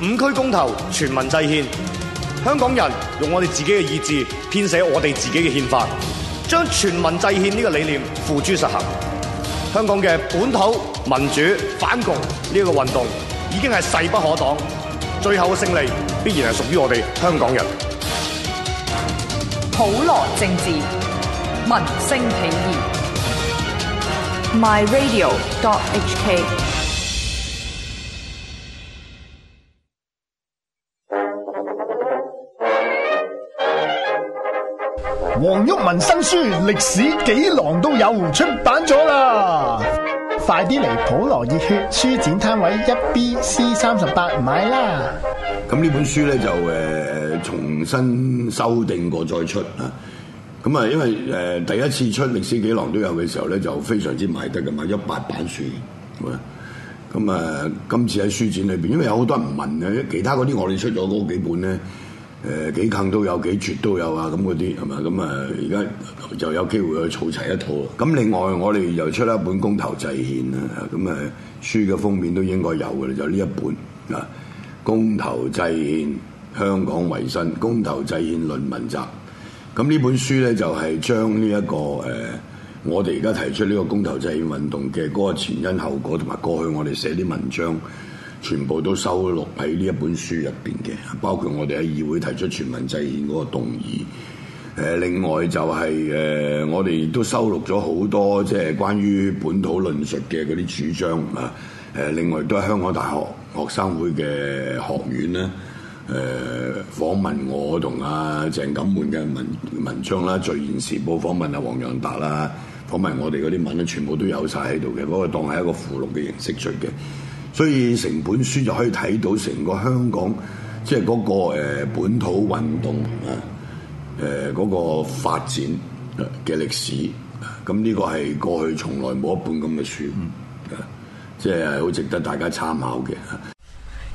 五區公投，全民制憲，香港人用我哋自己嘅意志編寫我哋自己嘅憲法，將全民制憲呢個理念付諸實行。香港嘅本土民主反共呢個運動已經係勢不可擋，最後嘅勝利必然係屬於我哋香港人。普羅政治，民聲起義。My Radio. H K. 黃毓民新書《歷史幾郎》都有出版咗啦， 快啲嚟普羅熱血書展攤位一 B C 三十八買啦！咁呢本書咧就誒、呃、重新修訂過再出啊！咁、嗯、啊，因為誒、呃、第一次出《歷史幾郎》都有嘅時候咧，就非常之賣得嘅，嘛，一八版書。咁啊，咁、嗯、啊、嗯，今次喺書展裏邊，因為有好多人唔問嘅，其他嗰啲我哋出咗嗰幾本咧。誒、呃、幾近都有幾絕都有啊！咁嗰啲係嘛？咁誒而家就有機會去儲齊一套咯。咁另外我哋又出一本《公投制憲》啊。咁誒書嘅封面都應該有嘅就呢一本啊，《公投制憲》香港維新，《公投制憲論文集》。咁、啊、呢本書呢，就係、是、將呢、這、一個誒、啊，我哋而家提出呢個公投制憲運動嘅嗰個前因後果同埋過去我哋寫啲文章。全部都收錄喺呢一本書入邊嘅，包括我哋喺議會提出全民制憲嗰個動議，呃。另外就係、是、誒、呃，我哋都收錄咗好多即係關於本土論述嘅嗰啲主張啊。誒，另外都係香港大學學生會嘅學院咧。誒、呃，訪問我同阿、啊、鄭錦滿嘅文文章啦，《聚言時報》訪問阿黃洋達啦，訪問我哋嗰啲文咧，全部都有晒喺度嘅。嗰個當係一個附錄嘅形式出嘅。所以成本書就可以睇到成個香港，即係嗰個、呃、本土運動啊，誒、呃、嗰、嗰個發展嘅歷史。咁呢個係過去從來冇一本咁嘅書，啊、即係好值得大家參考嘅。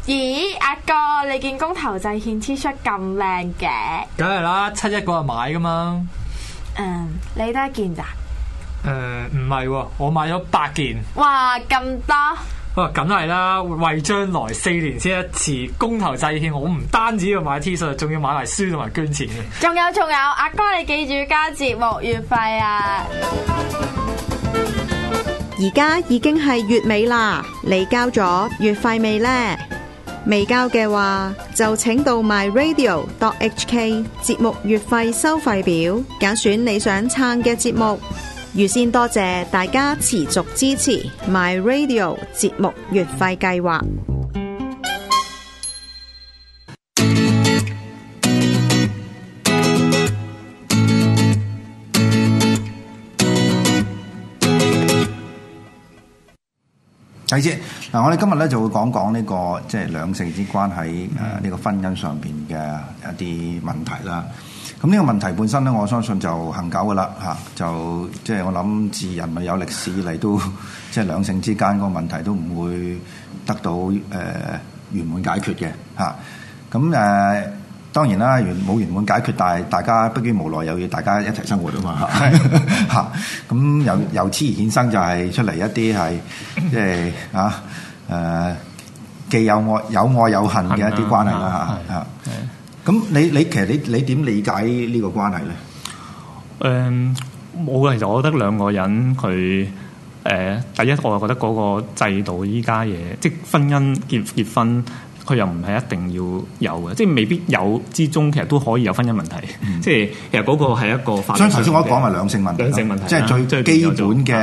咦，阿哥，你見工頭就獻 T 恤咁靚嘅？梗係啦，七一嗰日買㗎嘛。嗯，你得一件咋？誒、嗯，唔係喎，我買咗八件。哇，咁多！哇，梗係啦，為將來四年先一次公投制獻，我唔單止要買 T 恤，仲要買埋書同埋捐錢。仲有仲有，阿哥，哥你記住交節目月費啊！而家已經係月尾啦，你交咗月費未呢？未交嘅話，就請到 myradio.hk 節目月費收費表，揀選你想撐嘅節目。預先多謝大家持續支持 My Radio 節目月費計劃。睇先嗱，我 哋今日咧就會講講呢個即係兩性之關係誒，呢個婚姻上邊嘅一啲問題啦。咁呢個問題本身咧，我相信就恆久噶啦嚇，就即係、就是、我諗自人類有歷史嚟都即係兩性之間個問題都唔會得到誒圓滿解決嘅嚇。咁、啊、誒當然啦，完冇圓滿解決，但係大家畢竟無奈又要大家一齊生活啊嘛嚇。嚇咁、嗯嗯嗯、 由由此而衍生就係出嚟一啲係 即係啊誒、呃，既有愛有愛有恨嘅一啲關係啦嚇。咁你你其實你你點理解呢個關係咧？冇、呃、我其實我覺得兩個人佢誒、呃、第一，我就覺得嗰個制度依家嘢，即係婚姻結結婚，佢又唔係一定要有嘅，即係未必有之中，其實都可以有婚姻問題。嗯、即係其實嗰個係一個，所以頭先我講埋兩性問題，兩性問題即係最最基本嘅誒。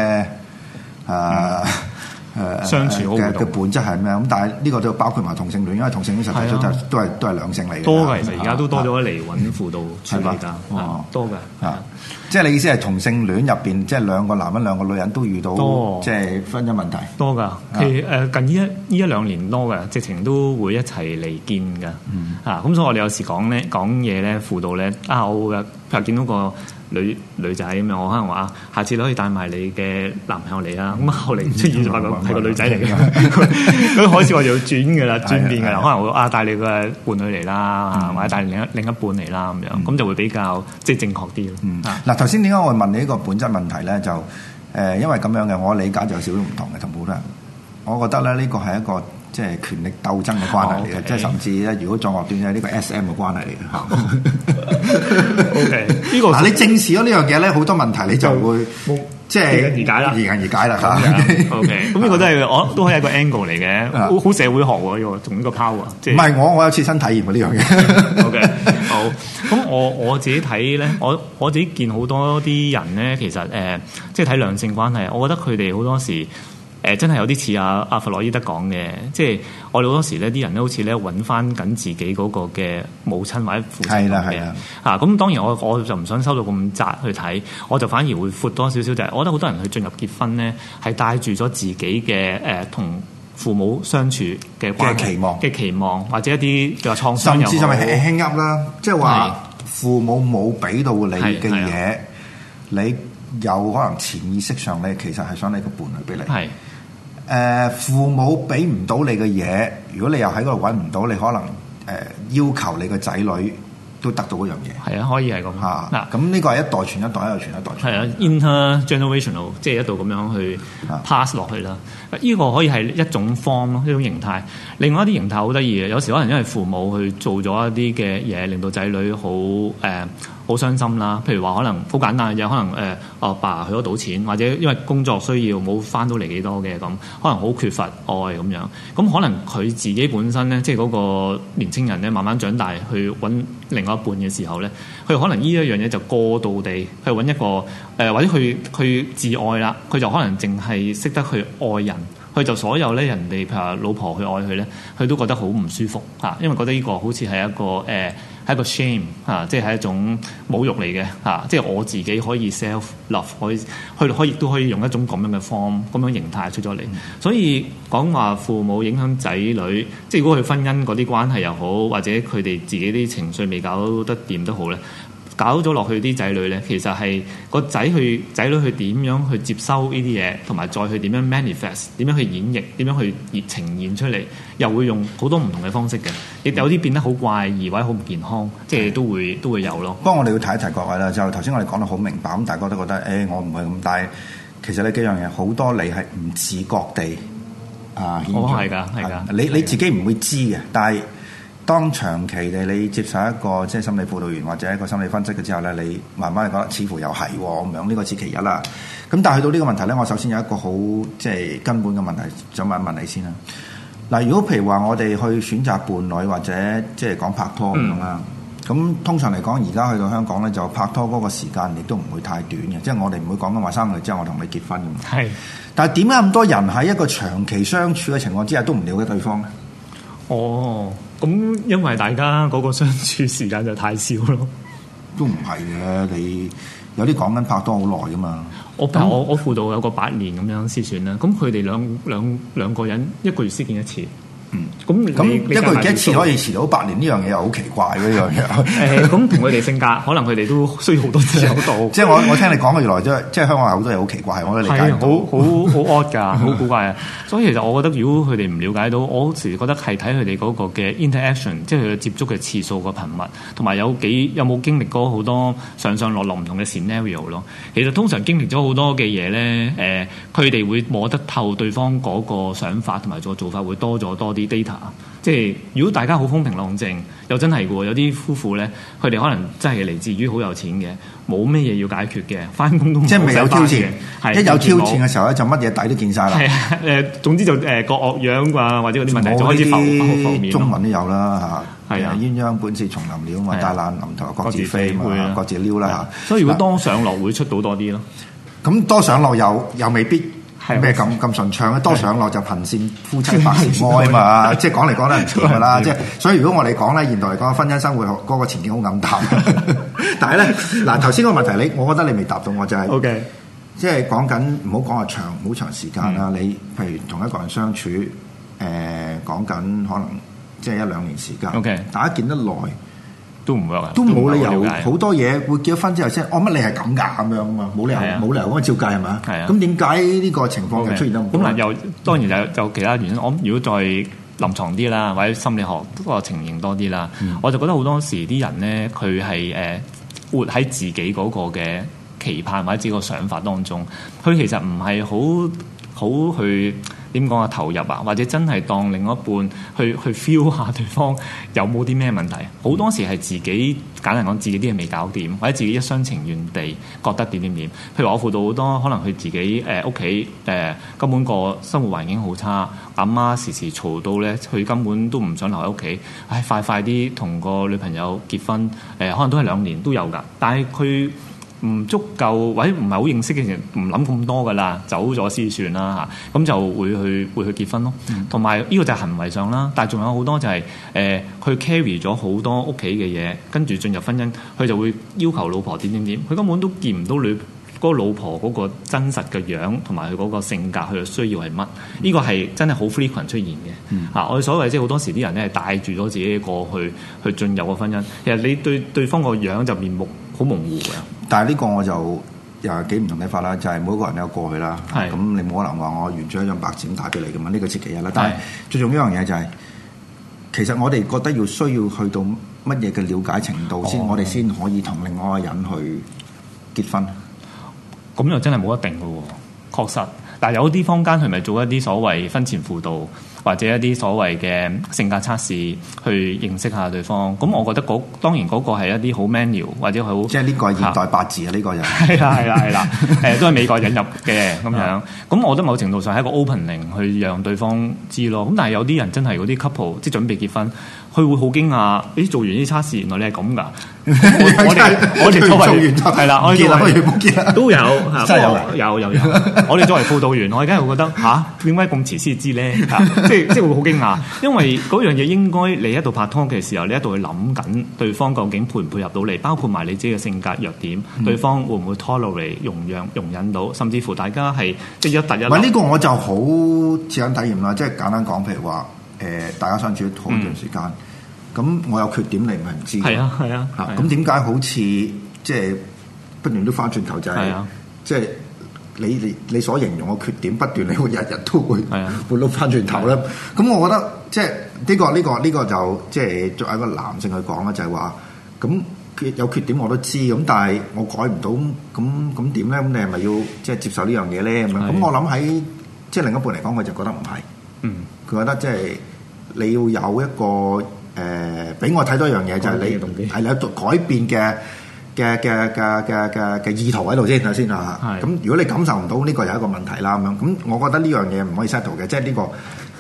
啊啊嗯誒相處嘅嘅本質係咩？咁但係呢個都包括埋同性戀，因為同性戀實際上、啊、都係都係都係兩性嚟嘅。多嘅，其實而家都多咗嚟揾輔導處理㗎。多嘅、啊。啊，啊啊即係你意思係同性戀入邊，即係兩個男人、兩個女人都遇到，多即係婚姻問題。多㗎。佢誒近呢一呢一兩年多嘅，直情都會一齊嚟見㗎。嗯。咁、啊、所以我哋有時講咧講嘢咧輔導咧啊，我嘅又見到個女女仔咁樣，我可能話下次你可以帶埋你嘅男朋友嚟啦。咁後嚟出現就、嗯嗯嗯、發覺係個女仔嚟嘅，咁、嗯嗯、 開始我就要轉嘅啦， 轉變嘅啦。啊啊、可能會啊帶你嘅伴侶嚟啦，嗯、或者帶另一另一半嚟啦咁樣，咁就會比較即係、就是、正確啲咯。嗱、嗯，頭先點解我問你呢個本質問題咧？就誒，因為咁樣嘅，我理解就有少少唔同嘅，全好都我覺得咧呢個係一個。即係權力鬥爭嘅關係嚟嘅，即係甚至咧，如果再惡斷，係呢個 SM 嘅關係嚟嘅嚇。OK，呢個嗱你正視咗呢樣嘢咧，好多問題你就會即係易行易解啦，易行易解啦 OK，咁呢個都係我都可以一個 angle 嚟嘅，好社會學喎，總嘅 power。唔係我，我有切身體驗喎呢樣嘢。OK，好。咁我我自己睇咧，我我自己見好多啲人咧，其實誒，即係睇兩性關係，我覺得佢哋好多時。誒、呃、真係有啲似阿阿佛洛伊德講嘅，即係我哋好多時呢啲人咧好似咧揾翻緊自己嗰個嘅母親或者父親咁啦，係啊。嚇咁當然我我就唔想收到咁窄去睇，我就反而會闊多少少。就係、是、我覺得好多人去進入結婚咧，係帶住咗自己嘅誒同父母相處嘅關係嘅期望嘅期望，或者一啲比較創傷，甚至啦。即係話父母冇俾到你嘅嘢，你有可能潛意識上咧，其實係想你個伴侶俾你。係的。誒父母俾唔到你嘅嘢，如果你又喺嗰度揾唔到，你可能誒、呃、要求你個仔女都得到嗰樣嘢。係啊，可以係咁下。嗱、啊、咁呢個係一代傳一代，一代傳一代。係啊，intergenerational 即係一度咁樣去 pass 落去啦。呢、啊、個可以係一種 form 咯，一種形態。另外一啲形態好得意嘅，有時可能因為父母去做咗一啲嘅嘢，令到仔女好誒。呃好傷心啦，譬如話可能好簡單嘅啫，可能誒，阿爸去咗賭錢，或者因為工作需要冇翻到嚟幾多嘅咁，可能好缺乏愛咁樣。咁可能佢自己本身咧，即係嗰個年青人咧，慢慢長大去揾另外一半嘅時候咧，佢可能呢一樣嘢就過度地去揾一個誒，或者佢佢自愛啦，佢就可能淨係識得去愛人，佢就所有咧人哋譬如話老婆去愛佢咧，佢都覺得好唔舒服嚇，因為覺得呢個好似係一個誒。呃係一個 shame 啊，即係一種侮辱嚟嘅吓，即係我自己可以 self love，可以去去，亦都可以用一種咁樣嘅 form，咁樣形態出咗嚟，嗯、所以講話父母影響仔女，即係如果佢婚姻嗰啲關係又好，或者佢哋自己啲情緒未搞得掂都好咧。搞咗落去啲仔女咧，其實係個仔去仔女去點樣去接收呢啲嘢，同埋再去點樣 manifest，點樣去演繹，點樣去呈現出嚟，又會用好多唔同嘅方式嘅。亦有啲變得好怪異，或者好唔健康，即係都會都會有咯。不過我哋要睇一睇各位啦，就係頭先我哋講得好明白，咁大家都覺得，誒我唔係咁，但係其實呢幾樣嘢好多你係唔自覺地啊，哦，係㗎，係㗎，你你自己唔會知嘅，但係。當長期地你接受一個即係心理輔導員或者一個心理分析嘅之後咧，你慢慢係覺得似乎又係咁樣，呢個似其一啦。咁但係去到呢個問題咧，我首先有一個好即係根本嘅問題，想問一問你先啦。嗱，如果譬如話我哋去選擇伴侶或者即係講拍拖咁樣啦，咁、嗯、通常嚟講而家去到香港咧，就拍拖嗰個時間亦都唔會太短嘅，即係我哋唔會講緊話三個月之後我同你結婚嘅嘛。是但係點解咁多人喺一個長期相處嘅情況之下都唔了解對方咧？哦，咁因為大家嗰個相處時間就太少咯，都唔係嘅，你有啲講緊拍拖好耐噶嘛？我教附、嗯、我我輔導有個八年咁樣先算啦，咁佢哋兩兩兩個人一個月先見一次。嗯，咁咁一個月一次可以遲到八年呢樣嘢又好奇怪嗰樣嘢。咁同佢哋性格，可能佢哋都需要好多指導。即係 我我聽你講嘅原來、就是，即係即係香港人好多嘢好奇怪，我都理解都。好好好 odd 噶，好古 怪啊！所以其實我覺得，如果佢哋唔了解到，我時覺得係睇佢哋嗰個嘅 interaction，即係佢接觸嘅次數個頻密，同埋有，有幾有冇經歷過好多上上落落唔同嘅 scenario 咯。其實通常經歷咗好多嘅嘢咧，誒、呃，佢哋會摸得透對方嗰個想法同埋做做法會多咗多啲。data 即係如果大家好風平浪靜，又真係嘅喎，有啲夫婦咧，佢哋可能真係嚟自於好有錢嘅，冇咩嘢要解決嘅，翻工即係未有挑戰，一有挑戰嘅時候咧，就乜嘢底都見晒啦。係啊，誒總之就誒各惡樣啩，或者啲問題開始浮出表面咯。中文都有啦，嚇，係啊，鴛鴦本是叢林鳥嘛，大難臨頭各自飛各自溜啦。所以如果多上落會出到多啲咯，咁多上落又又未必。係咩咁咁順暢咧？多上落就貧賤夫妻百事哀嘛， 即係講嚟講得唔錯㗎啦。 即係所以如果我哋講咧，現代嚟講婚姻生活嗰個前景好暗淡。 但係咧呢，嗱頭先個問題你，我覺得你未答到我就係，Okay. 即係講緊唔好講話長，好長時間啦。Mm. 你譬如同一個人相處，誒講緊可能即係一兩年時間。OK，大家見得耐。都唔會，都冇理由，好解多嘢，會結咗婚之後先哦。乜你係咁噶咁樣啊？嘛，冇理由，冇、啊、理由咁照計係咪啊？咁點解呢個情況嘅 okay, 出現得咁？咁啊，又當然有有其他原因。我諗如果再臨床啲啦，或者心理學都係情形多啲啦。嗯、我就覺得好多時啲人咧，佢係誒活喺自己嗰個嘅期盼或者自己個想法當中，佢其實唔係好好去。點講啊投入啊，或者真係當另一半去去 feel 下對方有冇啲咩問題？好、嗯、多時係自己簡單講自己啲嘢未搞掂，或者自己一廂情願地覺得點點點。譬如我輔導好多，可能佢自己誒屋企誒根本個生活環境好差，阿媽，媽時時嘈到咧，佢根本都唔想留喺屋企。唉，快快啲同個女朋友結婚誒、呃，可能都係兩年都有㗎，但係佢。唔足夠或者唔係好認識嘅人，唔諗咁多噶啦，走咗先算啦嚇。咁就會去會去結婚咯。同埋呢個就係行為上啦。但係仲有好多就係、是、誒，佢、呃、carry 咗好多屋企嘅嘢，跟住進入婚姻，佢就會要求老婆點點點。佢根本都見唔到女嗰、那個老婆嗰個真實嘅樣，同埋佢嗰個性格，佢嘅需要係乜？呢、這個係真係好 frequent 出現嘅嚇、嗯啊。我哋所謂即係好多時啲人咧帶住咗自己過去去進入個婚姻。其實你對對方個樣就面目。好模糊嘅，但係呢個我就又係幾唔同睇法啦。就係、是、每一個人有過去啦，咁是、嗯、你冇可能話我完咗一張白紙打俾你嘅嘛？呢、這個似期日啦。但係是最重要一樣嘢就係，其實我哋覺得要需要去到乜嘢嘅了解程度，先、哦、我哋先可以同另外一個人去結婚。咁、哦、又真係冇一定嘅喎。確實，但有啲坊間係咪做一啲所謂婚前輔導？或者一啲所謂嘅性格測試，去認識下對方。咁我覺得嗰當然嗰個係一啲好 manual 或者好，即係呢個現代八字啊，呢個人係啦，係啦、啊，係啦、啊，誒、啊啊、 都係美國引入嘅咁樣。咁 我覺得某程度上係一個 opening 去讓對方知咯。咁但係有啲人真係嗰啲 couple 即係準備結婚。佢會好驚訝！咦、欸，做完呢啲測試原來你係咁噶，我哋我哋作為係啦，我哋們都有 有有有 我哋作為輔導員，我而家會覺得嚇，點解咁遲先知咧？ 即即會好驚訝！因為嗰樣嘢應該你喺度拍拖嘅時候，你喺度去諗緊對方究竟配唔配合到你，包括埋你自己嘅性格弱點，嗯、對方會唔會 tolerate 容讓容忍到，甚至乎大家係即、就是、一突一。唔呢個我就好切身體驗啦，即、就、係、是、簡單講，譬如話。誒，大家相處好一段時間，咁、嗯、我有缺點你唔係唔知，你咪唔知。係啊，係啊。嚇、啊，咁點解好似即係不斷都翻轉頭就係、係，即係、啊、你你你所形容嘅缺點不斷，你會日日都會會碌翻轉頭咧？咁、啊、我覺得即係呢個呢、呢個呢、呢個就即係作為一個男性去講咧，就係話咁有缺點我都知，咁但係我改唔到，咁咁點咧？咁你係咪要即係、就係、接受呢樣嘢咧？咁樣咁我諗喺即係另一半嚟講，佢就覺得唔係，嗯，佢覺得即、就、係、係。你要有一個誒，俾我睇多一樣嘢，就係你係你改變嘅嘅嘅嘅嘅嘅嘅意圖喺度先啊，先啊。咁如果你感受唔到呢個，有一個問題啦，咁樣。咁我覺得呢樣嘢唔可以 settle 嘅，即係呢個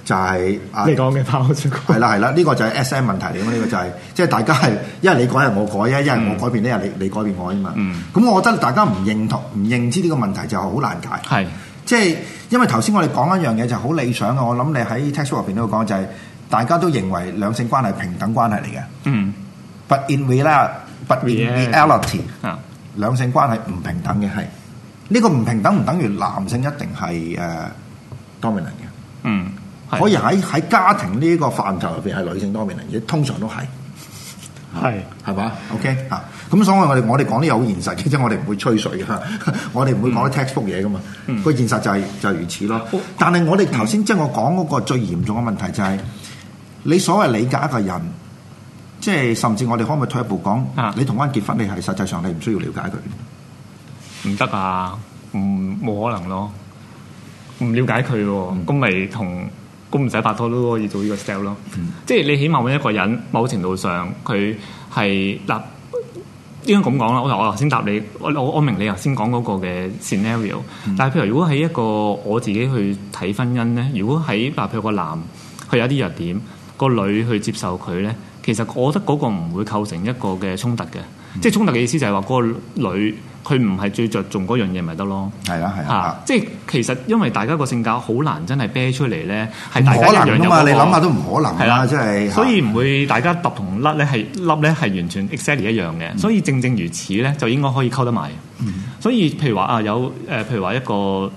就係你講咩？跑出。係啦係啦，呢個就係 SM 問題嚟噶嘛，呢個就係即係大家係一係你改，一係我改啊，一係我改變，呢，係你你改變我啊嘛。咁我覺得大家唔認同、唔認知呢個問題就係好難解。係即係因為頭先我哋講一樣嘢就好理想嘅，我諗你喺 textbook 入邊都講就係。大家都認為兩性關係平等關係嚟嘅，嗯，but in reality，兩性關係唔平等嘅，係呢個唔平等唔等於男性一定係誒 dominant 嘅，嗯，可以喺喺家庭呢個範疇入邊係女性 dominant 嘅，通常都係，係係嘛？OK 啊，咁所以我哋我哋講啲嘢好現實嘅，即係我哋唔會吹水嘅，我哋唔會講啲 textbook 嘢噶嘛，個現實就係就係如此咯。但係我哋頭先即係我講嗰個最嚴重嘅問題就係。你所謂理解一個人，即係甚至我哋可唔可以退一步講？啊、你同個人結婚，你係實際上你唔需要了解佢，唔得啊，唔、嗯、冇可能咯，唔了解佢喎，咁咪同公唔使拍拖都可以做呢個 style s t y l e 咯。即係你起碼揾一個人，某程度上佢係嗱，應該咁講啦。我我頭先答你，我我明你頭先講嗰個嘅 scenario、嗯。但係譬如如果喺一個我自己去睇婚姻咧，如果喺，嗱譬如個男佢有一啲弱點。個女去接受佢咧，其實我覺得嗰個唔會構成一個嘅衝突嘅，嗯、即係衝突嘅意思就係話個女佢唔係最着重嗰樣嘢咪得咯。係啦、啊，係啦、啊，啊啊、即係其實因為大家個性格好難真係啤出嚟咧，係大家一樣嘅、那個。唔可能啊嘛，你諗下都唔可能。係啦，即係、啊。就是啊、所以唔會大家揼同甩咧，係甩咧係完全 exactly 一樣嘅。嗯、所以正正如此咧，就應該可以溝得埋。嗯、所以譬如話啊，有誒、呃，譬如話一個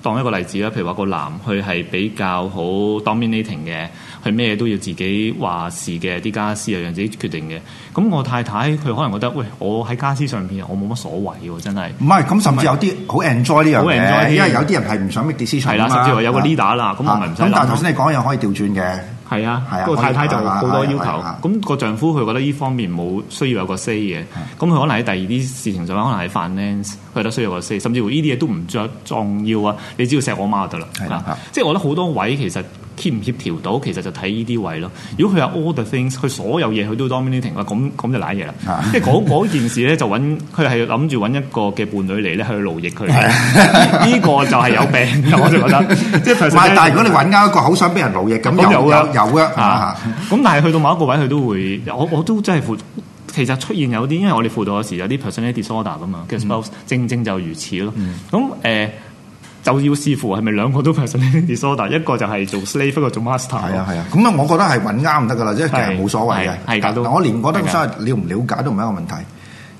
當一個例子啦，譬如話個男佢係比較好 dominating 嘅。佢咩都要自己話事嘅，啲家私又讓自己決定嘅。咁我太太佢可能覺得，喂，我喺家私上邊，我冇乜所謂喎，真係。唔係，咁甚至有啲好 enjoy 呢樣嘅，因為有啲人係唔想 make decision。係啦，甚至話有個 leader 啦，咁我唔想。但係頭先你講嘢可以調轉嘅。係啊，係啊，個太太就好多要求。咁個丈夫佢覺得呢方面冇需要有個 say 嘅。咁佢可能喺第二啲事情上可能喺 finance，佢都需要個 say。甚至乎呢啲嘢都唔着重要啊，你只要錫我媽就得啦。係即係我覺得好多位其實。協唔協調到，其實就睇呢啲位咯。如果佢有 all the things，佢所有嘢佢都 dominating 嘅，咁咁就瀨嘢啦。即係嗰件事咧，就揾佢係諗住揾一個嘅伴侶嚟咧去勞役佢。呢個就係有病，我就覺得。唔係，但係如果你揾啱一個好想俾人勞役咁，有嘅有嘅嚇。咁但係去到某一個位，佢都會，我我都真係輔。其實出現有啲，因為我哋輔導嗰時有啲 personality disorder 咁嘛，咁正正就如此咯。咁誒。就要視乎係咪兩個都 personally disorder，一個就係做 slave，一個做 master。係啊係啊，咁啊，我覺得係揾啱唔得噶啦啫，其實冇所謂嘅。係，但係我連覺得所謂了唔瞭解都唔係一個問題，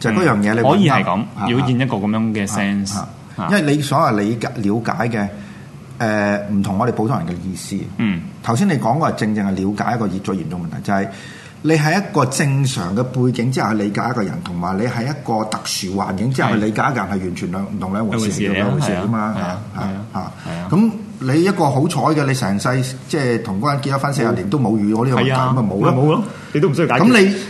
就係嗰樣嘢你。可以係咁，啊、表現一個咁樣嘅 sense，、啊啊啊啊啊、因為你所謂理解瞭解嘅，誒、呃、唔同我哋普通人嘅意思。嗯。頭先你講過正正係了解一個越嚟越嚴重問題，就係、是。你喺一個正常嘅背景之下去理解一個人，同埋你喺一個特殊環境之下去理解一個人，係完全兩唔同兩回事嘅兩回事啊嘛嚇，係啊嚇，係啊你一個好彩嘅，你成世即係同嗰人結咗婚四十年都冇遇過呢個問題，咁啊冇咯，你都唔需要解。咁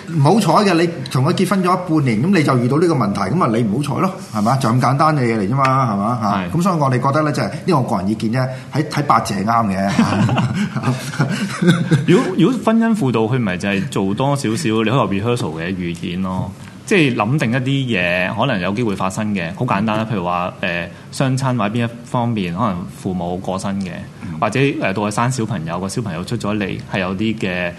你唔好彩嘅，你同佢結婚咗半年，咁你就遇到呢個問題，咁啊你唔好彩咯，係嘛？就咁簡單嘅嘢嚟啫嘛，係嘛？咁所以我哋覺得咧，即係呢個個人意見啫。喺睇八字係啱嘅。如果如果婚姻輔導佢唔係就係做多少少，你可以 rehearsal 嘅預見咯。即係諗定一啲嘢，可能有機會發生嘅，好簡單啦。譬如話，誒、呃，雙親或者邊一方面，可能父母過身嘅，或者誒、呃，到去生小朋友，個小朋友出咗嚟，係有啲嘅。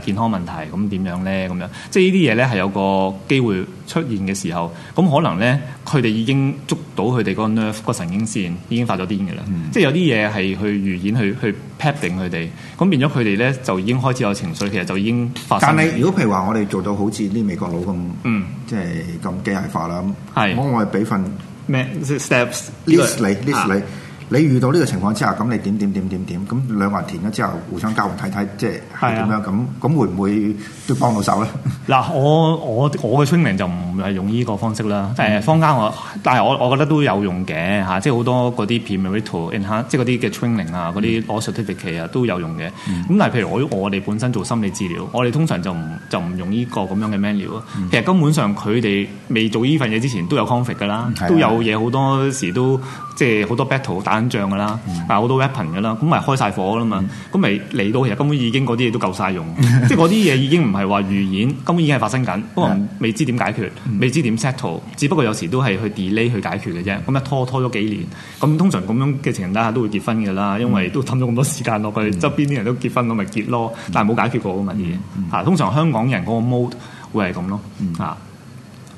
誒健康問題咁點樣咧？咁樣即係呢啲嘢咧係有個機會出現嘅時候，咁可能咧佢哋已經捉到佢哋個 nerve 個神經線已經發咗癲嘅啦。嗯、即係有啲嘢係去預演去去 patch 定佢哋，咁變咗佢哋咧就已經開始有情緒，其實就已經發生。但係如果譬如話我哋做到好似啲美國佬咁，嗯、即係咁機械化啦，咁是我係俾份咩麼 steps list 你 list 你。啊你遇到呢個情況之下，咁你點點點點點咁兩個人填咗之後，互相交換睇睇，即係點樣咁咁是、啊、會唔會都幫到手咧？嗱，我我我嘅 training 就唔係用呢個方式啦。誒、嗯呃，坊間我，但係我我覺得都有用嘅嚇、啊，即係好多嗰啲片 material 即係嗰啲嘅 training 啊，嗰啲 a l t e r n t i v e 啊都有用嘅。咁、嗯、但係譬如我我哋本身做心理治療，我哋通常就唔就唔用呢個咁樣嘅 menu、嗯、其實根本上佢哋未做呢份嘢之前都有 conflict 噶啦，嗯是啊、都有嘢好多時都即係好多 battle 緊張噶啦，但好、嗯啊、多 weapon 嘅啦，咁咪開晒火啦嘛，咁咪嚟到其實根本已經嗰啲嘢都夠晒用， 即係嗰啲嘢已經唔係話預演，根本已經係發生緊，不過未知點解決，未知點 settle，只不過有時都係去 delay 去解決嘅啫，咁一拖拖咗幾年，咁通常咁樣嘅情況人家都會結婚噶啦，因為都冧咗咁多時間落去，周邊啲人都結婚，咁咪結咯，但係冇解決過噶嘛啲嘢，吓、嗯嗯嗯啊，通常香港人個 mode 會係咁咯，吓、嗯啊，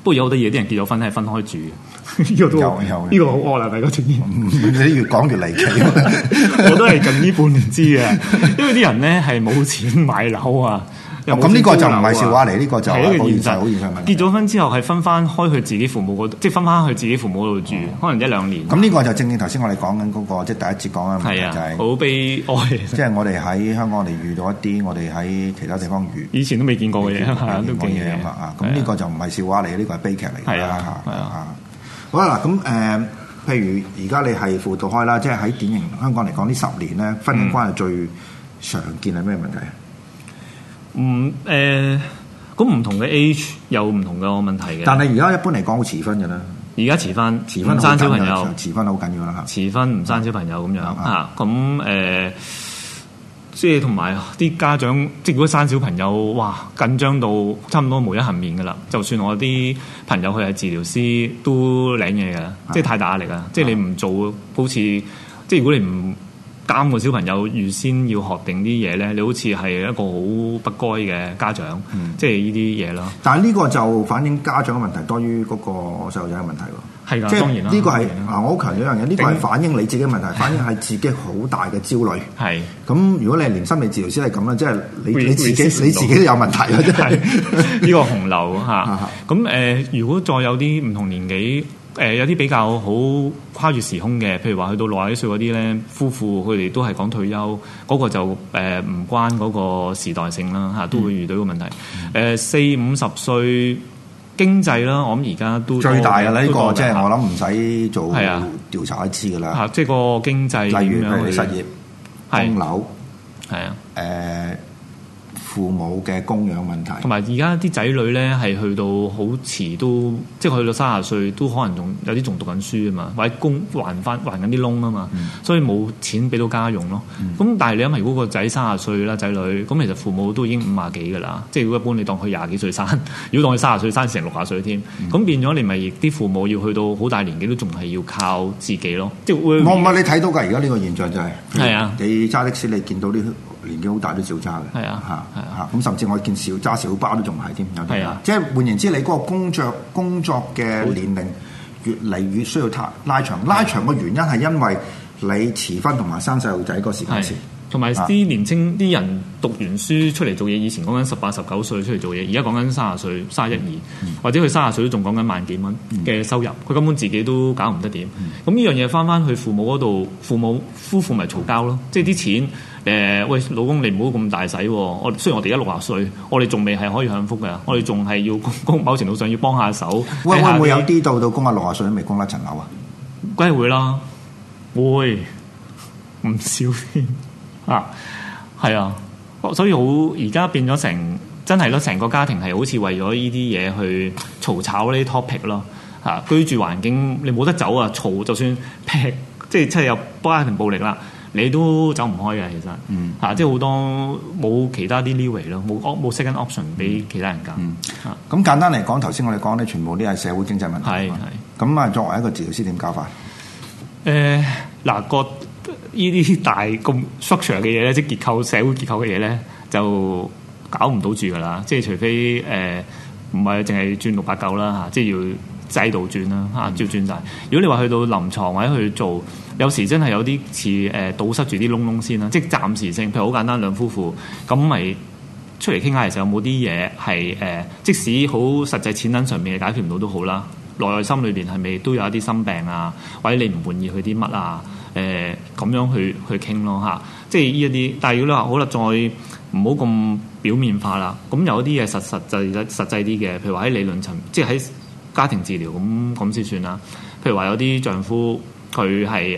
不過有好多嘢啲人，家人家結咗婚係分開住。呢個都呢個好惡啦，大家知唔知？你越講越離奇，我都係近呢半年知嘅。因為啲人咧係冇錢買樓啊，咁呢個就唔係笑話嚟，呢個就好現實、好現實嘅。結咗婚之後係分翻開去自己父母嗰度，即係分翻去自己父母嗰度住，可能一兩年。咁呢個就正正頭先我哋講緊嗰個，即係第一節講嘅問題就係好悲哀。即係我哋喺香港，我哋遇到一啲我哋喺其他地方遇，以前都未見過嘅嘢，都冇嘢啊嘛。咁呢個就唔係笑話嚟，呢個係悲劇嚟。係啊，係啊。好啦，咁誒、呃，譬如而家你係輔導開啦，即係喺典型香港嚟講，呢十年咧婚姻關係最常見係咩問題啊？唔誒、嗯，咁、呃、唔同嘅 age 有唔同嘅問題嘅。但係而家一般嚟講，好遲婚嘅啦。而家遲婚，遲婚唔生小朋友，遲婚好緊要啦嚇。遲婚唔生小朋友咁樣、嗯、啊，咁誒、啊。即係同埋啲家長，即係如果生小朋友，哇緊張到差唔多無一幸免㗎喇。就算我啲朋友佢係治療師，都領嘢㗎，即係太大壓力啦。啊、即係你唔做，好似即係如果你唔。監護小朋友預先要學定啲嘢咧，你好似係一個好不該嘅家長，即係呢啲嘢咯。但係呢個就反映家長嘅問題多於嗰個細路仔嘅問題喎。係㗎，即係當然啦。呢個係啊，我好強調一樣嘢，呢個係反映你自己嘅問題，反映係自己好大嘅焦慮。係。咁如果你係連心理治療師係咁啦，即係你你自己你自己都有問題啦，即係呢個紅流嚇。咁誒，如果再有啲唔同年紀。誒、呃、有啲比較好跨越時空嘅，譬如話去到六十幾歲嗰啲咧，夫婦佢哋都係講退休，嗰、那個就誒唔、呃、關嗰個時代性啦嚇，都會遇到個問題。誒四五十歲經濟啦，我諗而家都最大嘅呢、這個，即係我諗唔使做調查一次噶啦嚇，即係個經濟點樣，例如去如實業供樓，係啊誒。父母嘅供養問題，同埋而家啲仔女咧係去到好遲都，即係去到卅歲都可能仲有啲仲讀緊書啊嘛，或者供還翻還緊啲窿啊嘛，所以冇錢俾到家用咯。咁但係你諗下，如果個仔卅歲啦，仔女咁，其實父母都已經五十幾㗎啦，即係如果一般你當佢廿幾歲生，如果當佢卅歲生成六十歲添，咁變咗你咪啲父母要去到好大年紀都仲係要靠自己咯。即係會，我唔係你睇到㗎，而家呢個現象就係，係啊，你揸的士你見到啲。年紀好大都少揸嘅，係啊，嚇係啊，咁甚至我見少揸小巴都仲係添，有啲，啊、即係換言之，你嗰個工作工作嘅年齡越嚟越需要太拉，拉長，拉長嘅原因係因為你遲婚同埋生細路仔嗰個時間同埋啲年青啲人讀完書出嚟做嘢，以前講緊十八十九歲出嚟做嘢，而家講緊卅歲卅一二，2，嗯、或者佢卅歲都仲講緊萬幾蚊嘅收入，佢、嗯、根本自己都搞唔得掂。咁呢、嗯、樣嘢翻翻去父母嗰度，父母夫婦咪嘈交咯，即係啲錢。誒、呃，喂，老公，你唔好咁大使喎、哦！我雖然我哋而家六十歲，我哋仲未係可以享福嘅，我哋仲係要供供，某程度上要幫下手。喂，會唔會有啲到到供下六十歲都未供得層樓啊？梗係會啦，會唔少啊，係啊，所以好而家變咗成真係咯，成個家庭係好似為咗呢啲嘢去嘈吵呢啲 topic 咯、啊、嚇。居住環境你冇得走啊，嘈就算劈，即係真係有家庭暴力啦。你都走唔開嘅，其實嚇、嗯啊，即係好多冇其他啲利益咯，冇冇 second option 俾、嗯、其他人搞嚇。咁、嗯啊、簡單嚟講，頭先我哋講咧，全部都係社會經濟問題。係係。咁啊，作為一個治療師點搞法？誒嗱、呃那個，個呢啲大咁 structure 嘅嘢咧，即係結構社會結構嘅嘢咧，就搞唔到住噶啦。即係除非誒，唔係淨係轉六八九啦嚇，即係要。制度轉啦，按照轉曬。如果你話去到臨床或者去做，有時真係有啲似誒堵塞住啲窿窿先啦，即係暫時性。譬如好簡單兩夫婦咁，咪出嚟傾下，其實有冇啲嘢係誒，即使好實際錢銀上面解決唔到都好啦。內心裏邊係咪都有一啲心病啊？或者你唔滿意佢啲乜啊？誒、呃、咁樣去去傾咯嚇，即係呢一啲。但係如果你話好啦，再唔好咁表面化啦，咁有一啲嘢實實際實實際啲嘅，譬如話喺理論層，即係喺。家庭治療咁咁先算啦。譬如話有啲丈夫佢係誒，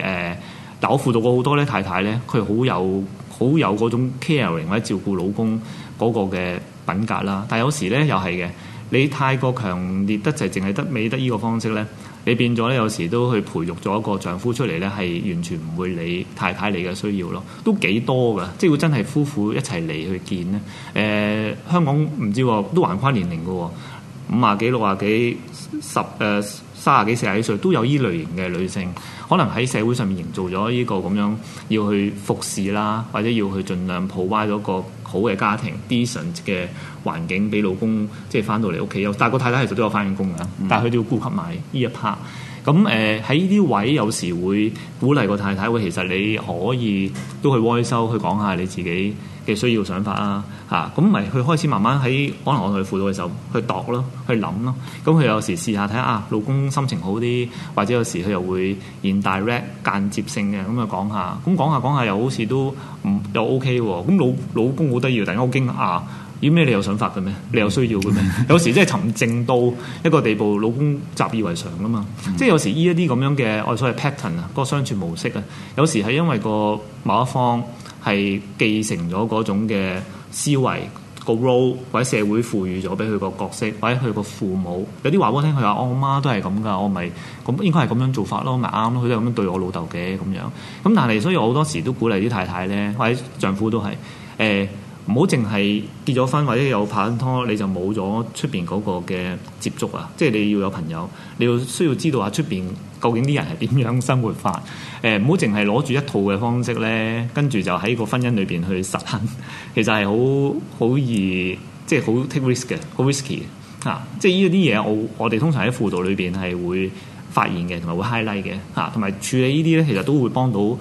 但、呃、我輔導過好多咧太太咧，佢好有好有嗰種 caring 或者照顧老公嗰個嘅品格啦。但有時咧又係嘅，你太過強烈得滯，淨係得美得依個方式咧，你變咗咧有時都去培育咗一個丈夫出嚟咧，係完全唔會理太太你嘅需要咯。都幾多㗎，即係要真係夫婦一齊嚟去見咧。誒、呃，香港唔知喎，都橫跨年齡㗎喎。五啊幾六啊幾十，誒、呃、三啊幾四啊幾歲都有依類型嘅女性，可能喺社會上面營造咗呢個咁樣，要去服侍啦，或者要去盡量 provide 一個好嘅家庭、decent 嘅環境俾老公，即係翻到嚟屋企。但個太太其實都有翻緊工㗎，嗯、但係佢都要顧及埋呢一 part。咁誒喺呢啲位有時會鼓勵個太太，會其實你可以都去開修，去講下你自己。嘅需要想法啊，嚇咁咪佢開始慢慢喺可能我同佢輔導嘅時候去度咯，去諗咯。咁佢有時試下睇下啊，老公心情好啲，或者有時佢又會 indirect 間接性嘅咁啊講下。咁講下講下又好似都唔又 OK 喎。咁、啊、老老公好得意喎，突然間好驚啊！咦、啊？咩、啊啊、你有想法嘅咩？你有需要嘅咩？有時真係沉靜到一個地步，老公習以為常啦嘛。啊嗯、即係有時依一啲咁樣嘅我所謂 pattern 啊，嗰個相處模式啊，有時係因為個某一方。係繼承咗嗰種嘅思維、個 role，或者社會賦予咗俾佢個角色，或者佢個父母有啲，話我聽佢話，我媽都係咁㗎，我咪咁應該係咁樣做法咯，咪啱咯，佢都係咁樣對我老豆嘅咁樣。咁但係所以我好多時都鼓勵啲太太咧，或者丈夫都係誒。呃唔好淨係結咗婚或者有拍緊拖，你就冇咗出邊嗰個嘅接觸啊！即係你要有朋友，你要需要知道下出邊究竟啲人係點樣生活法。誒唔好淨係攞住一套嘅方式咧，跟住就喺個婚姻裏邊去實行，其實係好好易，即係好 take risk 嘅，好 risky 嘅嚇、啊、即係呢啲嘢，我我哋通常喺輔導裏邊係會發現嘅，同埋會 highlight 嘅嚇，啊、同埋處理呢啲咧，其實都會幫到。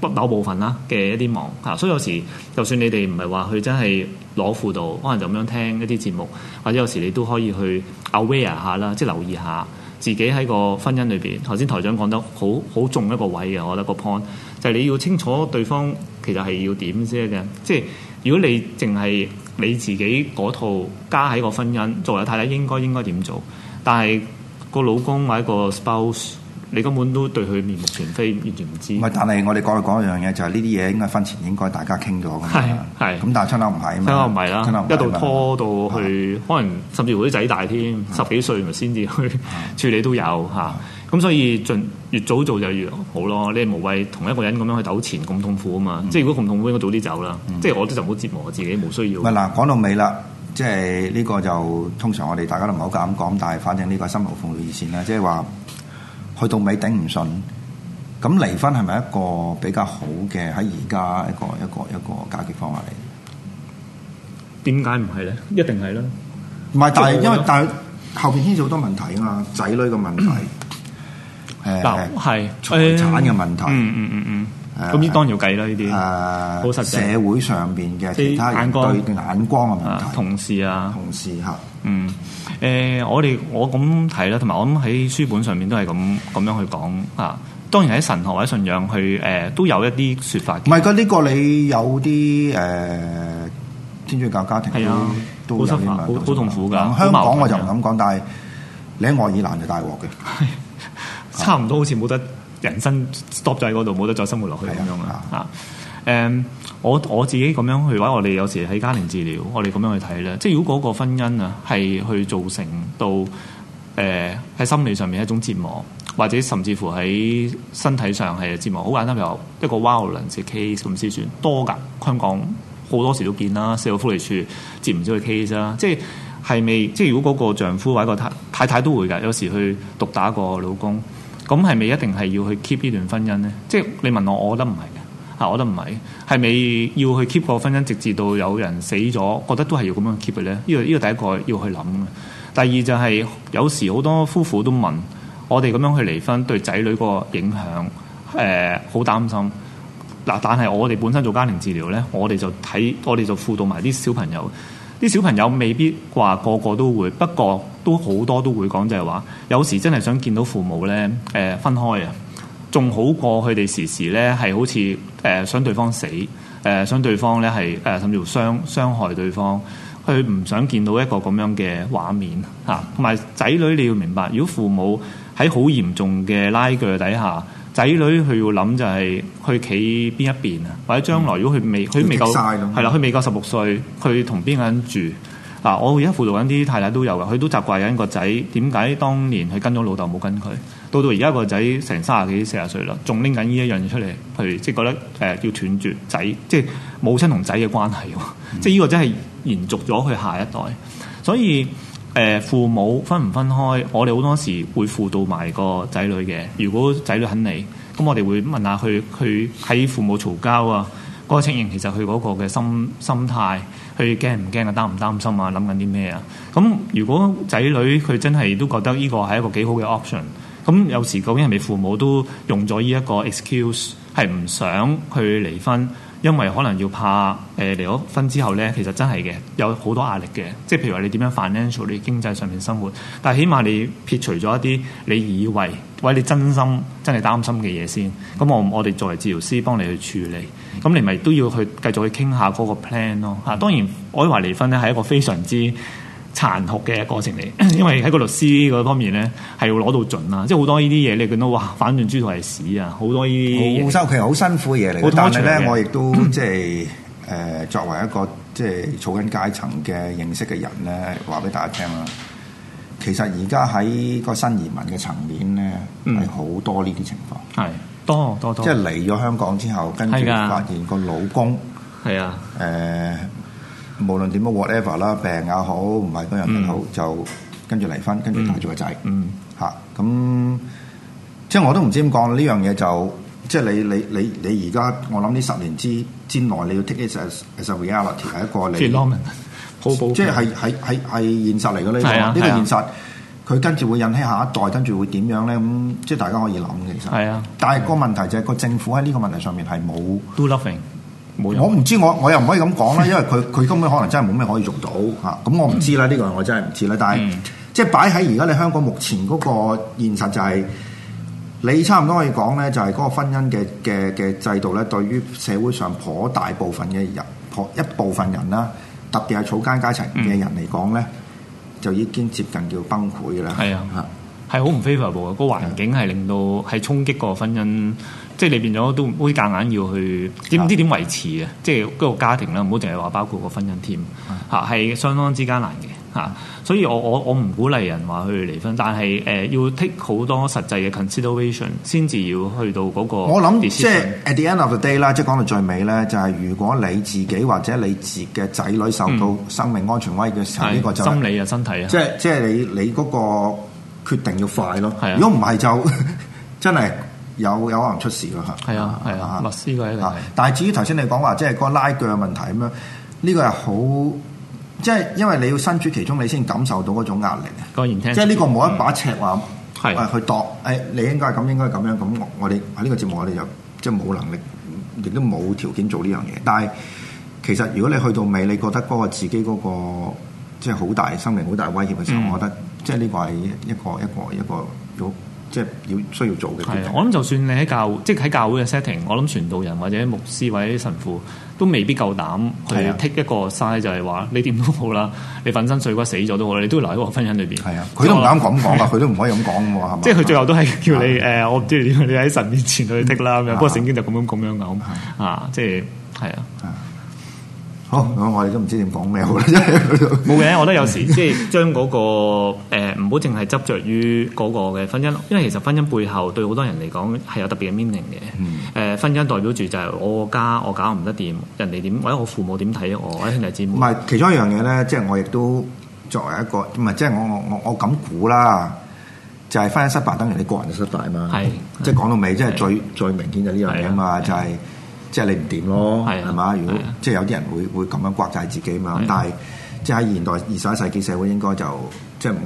北飽部分啦嘅一啲忙嚇、啊，所以有時就算你哋唔係話佢真係攞輔導，可能就咁樣聽一啲節目，或者有時你都可以去 aware 下啦，即係留意下自己喺個婚姻裏邊。頭先台長講得好好重一個位嘅，我覺得個 point 就係你要清楚對方其實係要點先嘅。即係如果你淨係你自己嗰套加喺個婚姻，作為太太應該應該點做？但係個老公或者個 spouse。你根本都對佢面目全非，完全唔知。唔係，但係我哋講嚟講去一樣嘢，就係呢啲嘢應該婚前應該大家傾咗㗎嘛。係係。咁但係親樓唔係啊嘛。親樓唔係啦。親樓唔係一路拖到去，可能甚至乎啲仔大添，十幾歲咪先至去處理都有嚇。咁所以盡越早做就越好咯。你無謂同一個人咁樣去糾纏咁痛苦啊嘛。即係如果咁痛苦，應該早啲走啦。即係我都就唔好折磨我自己，冇需要。唔係嗱，講到尾啦，即係呢個就通常我哋大家都唔好咁講，但係反正呢個心靈輔導熱線啦，即係話。去到尾頂唔順，咁離婚係咪一個比較好嘅，喺而家一個一個一個解決方法嚟？點解唔係咧？一定係啦，唔係，但係因為但係後邊牽涉好多問題啊嘛，仔女嘅問題，誒係財產嘅問題，嗯嗯嗯嗯，咁呢當然要計啦，呢啲誒實社會上邊嘅其他對眼光嘅問題，同事啊，同事嚇。嗯，誒、呃，我哋我咁睇啦，同埋我諗喺書本上面都係咁咁樣去講啊。當然喺神學或者信仰去誒、呃，都有一啲説法。唔係，佢、這、呢個你有啲誒、呃、天主教家庭係啊，都有啲好痛苦㗎。香港我就唔敢講，啊、但係你喺愛爾蘭就大鑊嘅， 差唔多好似冇得人生 stop 在嗰度，冇得再生活落去咁樣啊。誒、啊。啊嗯我我自己咁樣去話，我哋有時喺家庭治療，我哋咁樣去睇咧。即係如果嗰個婚姻啊，係去造成到誒喺、呃、心理上面一種折磨，或者甚至乎喺身體上係折磨，好簡單就一個 violence case 咁先算多㗎。香港好多時都見啦，社會福利署接唔少嘅 case 啊。即係係咪？即係如果嗰個丈夫或者個太，太太都會㗎，有時去毒打個老公，咁係咪一定係要去 keep 呢段婚姻咧？即係你問我，我覺得唔係。嗱，我覺得唔係，係咪要去 keep 個婚姻，直至到有人死咗，覺得都係要咁樣 keep 嘅咧？呢個呢個第一個要去諗嘅。第二就係、是、有時好多夫婦都問我哋咁樣去離婚對仔女個影響，誒、呃、好擔心。嗱，但係我哋本身做家庭治療咧，我哋就睇，我哋就輔導埋啲小朋友，啲小朋友未必話個個都會，不過都好多都會講就係、是、話，有時真係想見到父母咧，誒、呃、分開啊！仲好過佢哋時時咧，係好似誒、呃、想對方死，誒想對方咧係誒甚至乎傷傷害對方，佢唔想見到一個咁樣嘅畫面嚇。同埋仔女你要明白，如果父母喺好嚴重嘅拉鋸底下，仔女佢要諗就係去企邊一邊啊，或者將來如果佢未佢、嗯、未、未夠係啦，佢未夠十六歲，佢同邊個人住？啊！我而家輔導緊啲太太都有嘅，佢都責怪緊個仔點解當年佢跟咗老豆冇跟佢，到到而家個仔成三十幾四十歲啦，仲拎緊呢一樣嘢出嚟，譬如即係覺得誒、呃、要斷絕仔，即係母親同仔嘅關係喎，即係依個真係延續咗佢下一代。所以誒、呃、父母分唔分開，我哋好多時會輔導埋個仔女嘅。如果仔女肯嚟，咁我哋會問下佢，佢喺父母嘈交啊，嗰、嗰個情形其實佢嗰個嘅心心態。佢驚唔驚啊？擔唔擔心啊？諗緊啲咩啊？咁如果仔女佢真係都覺得呢個係一個幾好嘅 option，咁有時究竟係咪父母都用咗呢一個 excuse 係唔想去離婚？因為可能要怕誒離咗婚之後呢，其實真係嘅有好多壓力嘅，即係譬如話你點樣 financial 你經濟上面生活，但係起碼你撇除咗一啲你以為。喂，或者你真心真係擔心嘅嘢先，咁、嗯、我我哋作為治療師幫你去處理，咁、嗯、你咪都要去繼續去傾下嗰個 plan 咯嚇、啊。當然，我以為離婚咧係一個非常之殘酷嘅過程嚟，因為喺個律師嗰方面咧係要攞到盡啦，即係好多呢啲嘢你見到哇，反轉豬頭係屎啊！好多呢啲好收，其實好辛苦嘅嘢嚟。但係咧，我亦都即係誒作為一個即係草根階層嘅認識嘅人咧，話俾大家聽啦。其實而家喺個新移民嘅層面咧，係好、嗯、多呢啲情況，係多多多，多多即係嚟咗香港之後，跟住的發現個老公係啊，誒的、呃，無論點乜 whatever 啦，病也好，唔係個人也好，嗯、就跟住離婚，跟住帶住個仔，嗯，嚇、嗯，咁、嗯、即係我都唔知點講，呢樣嘢就即係你你你你而家我諗呢十年之之內，你要 take it as as a reality 係一個你。即係喺喺喺現實嚟嘅呢個，呢個現實，佢跟住會引起下一代，跟住會點樣咧？咁即係大家可以諗其實。係啊，但係個問題就係個政府喺呢個問題上面係冇 do nothing，冇。我唔知我我又唔可以咁講啦，因為佢佢根本可能真係冇咩可以做到嚇。咁我唔知啦，呢個我真係唔知啦。但係即係擺喺而家你香港目前嗰個現實就係，你差唔多可以講咧，就係嗰個婚姻嘅嘅嘅制度咧，對於社會上頗大部分嘅人，頗一部分人啦。特別係草根階層嘅人嚟講咧，嗯、就已經接近叫崩潰㗎喇。係啊，係好唔 favorable 嘅個環境，係令到係、啊、衝擊個婚姻，即係你變咗都唔會夾硬要去唔知點維持啊。即係個家庭啦，唔好淨係話包括個婚姻添嚇，係、啊、相當之艱難嘅。嚇！所以我我我唔鼓勵人話去離婚，但係誒、呃、要 take 好多實際嘅 consideration 先至要去到嗰個。我諗即係 at the end of the day 啦，即係講到最尾咧，就係、是、如果你自己或者你自己嘅仔女受到生命安全威嘅時候，呢、嗯、個就是、心理啊、身體啊，即係即係你你嗰個決定要快咯。如果唔係就 真係有有可能出事啦嚇。係啊係啊，律師嘅一定。啊、但係至於頭先你講話即係嗰拉鋸嘅問題咁樣，呢個係好。即係因為你要身處其中，你先感受到嗰種壓力啊！個即係呢個冇一把尺話係、嗯、去度，誒是的、哎，你應該係咁，應該係咁樣。咁我哋喺呢個節目，我哋就，即係冇能力，亦都冇條件做呢樣嘢。但係其實如果你去到尾，你覺得嗰個自己嗰、嗰個即係好大生命、好大威脅嘅時候，嗯、我覺得即係呢個係一個一個一個，一個要即係要需要做嘅。我諗就算你喺教會，即係喺教會嘅 setting，我諗傳道人或者牧師或者神父。都未必夠膽去剔一個嘥、啊，就係話你點都好啦，你粉身碎骨死咗都好啦，你都留喺個婚姻裏邊。係啊，佢都唔敢咁講噶，佢、啊、都唔可以咁講喎，係嘛、啊？吧即係佢最後都係叫你誒、啊呃，我唔知點，你喺神面前去剔啦咁樣。啊、不過聖經就咁樣咁樣嘅，咁啊，即係係啊。就是好，我哋都唔知點講咩好啦。冇嘅，我覺得有時即係將嗰個誒唔好淨係執着於嗰個嘅婚姻，因為其實婚姻背後對好多人嚟講係有特別嘅 meaning 嘅。誒婚姻代表住就係我個家我搞唔得掂，人哋點或者我父母點睇我或者兄弟姊妹。唔係，其中一樣嘢咧，即係我亦都作為一個，唔係即係我我我我咁估啦，就係婚姻失敗，等於你個人嘅失敗嘛。係，即係講到尾，即係最最明顯就呢樣嘢啊嘛，就係。即係你唔掂咯，係係嘛？如果、啊、即係有啲人會會咁樣刮掙自己嘛，啊、但係即係喺現代二十一世紀社會，應該就即係唔。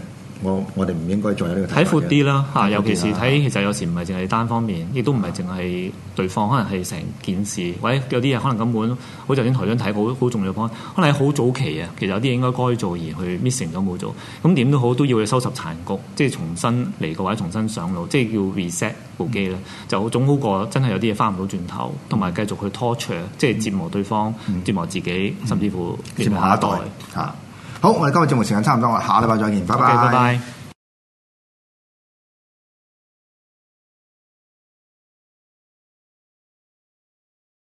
我我哋唔應該再有呢個睇闊啲啦嚇，啊、尤其是睇、啊、其實有時唔係淨係單方面，亦都唔係淨係對方，可能係成件事。喂，有啲嘢可能根本，好似頭先台長睇好好重要方，可能喺好早期啊。其實有啲嘢應該該做而去 missing 都冇做，咁點都好都要去收拾殘局，即係重新嚟過或者重新上路，即係要 reset 部機啦。嗯、就總好過真係有啲嘢翻唔到轉頭，同埋、嗯、繼續去 torture，即係折磨對方、折磨自己，嗯、甚至乎折磨下一代嚇。啊好，我哋今日節目時間差唔多，我哋下禮拜再見，拜拜。Okay, bye bye.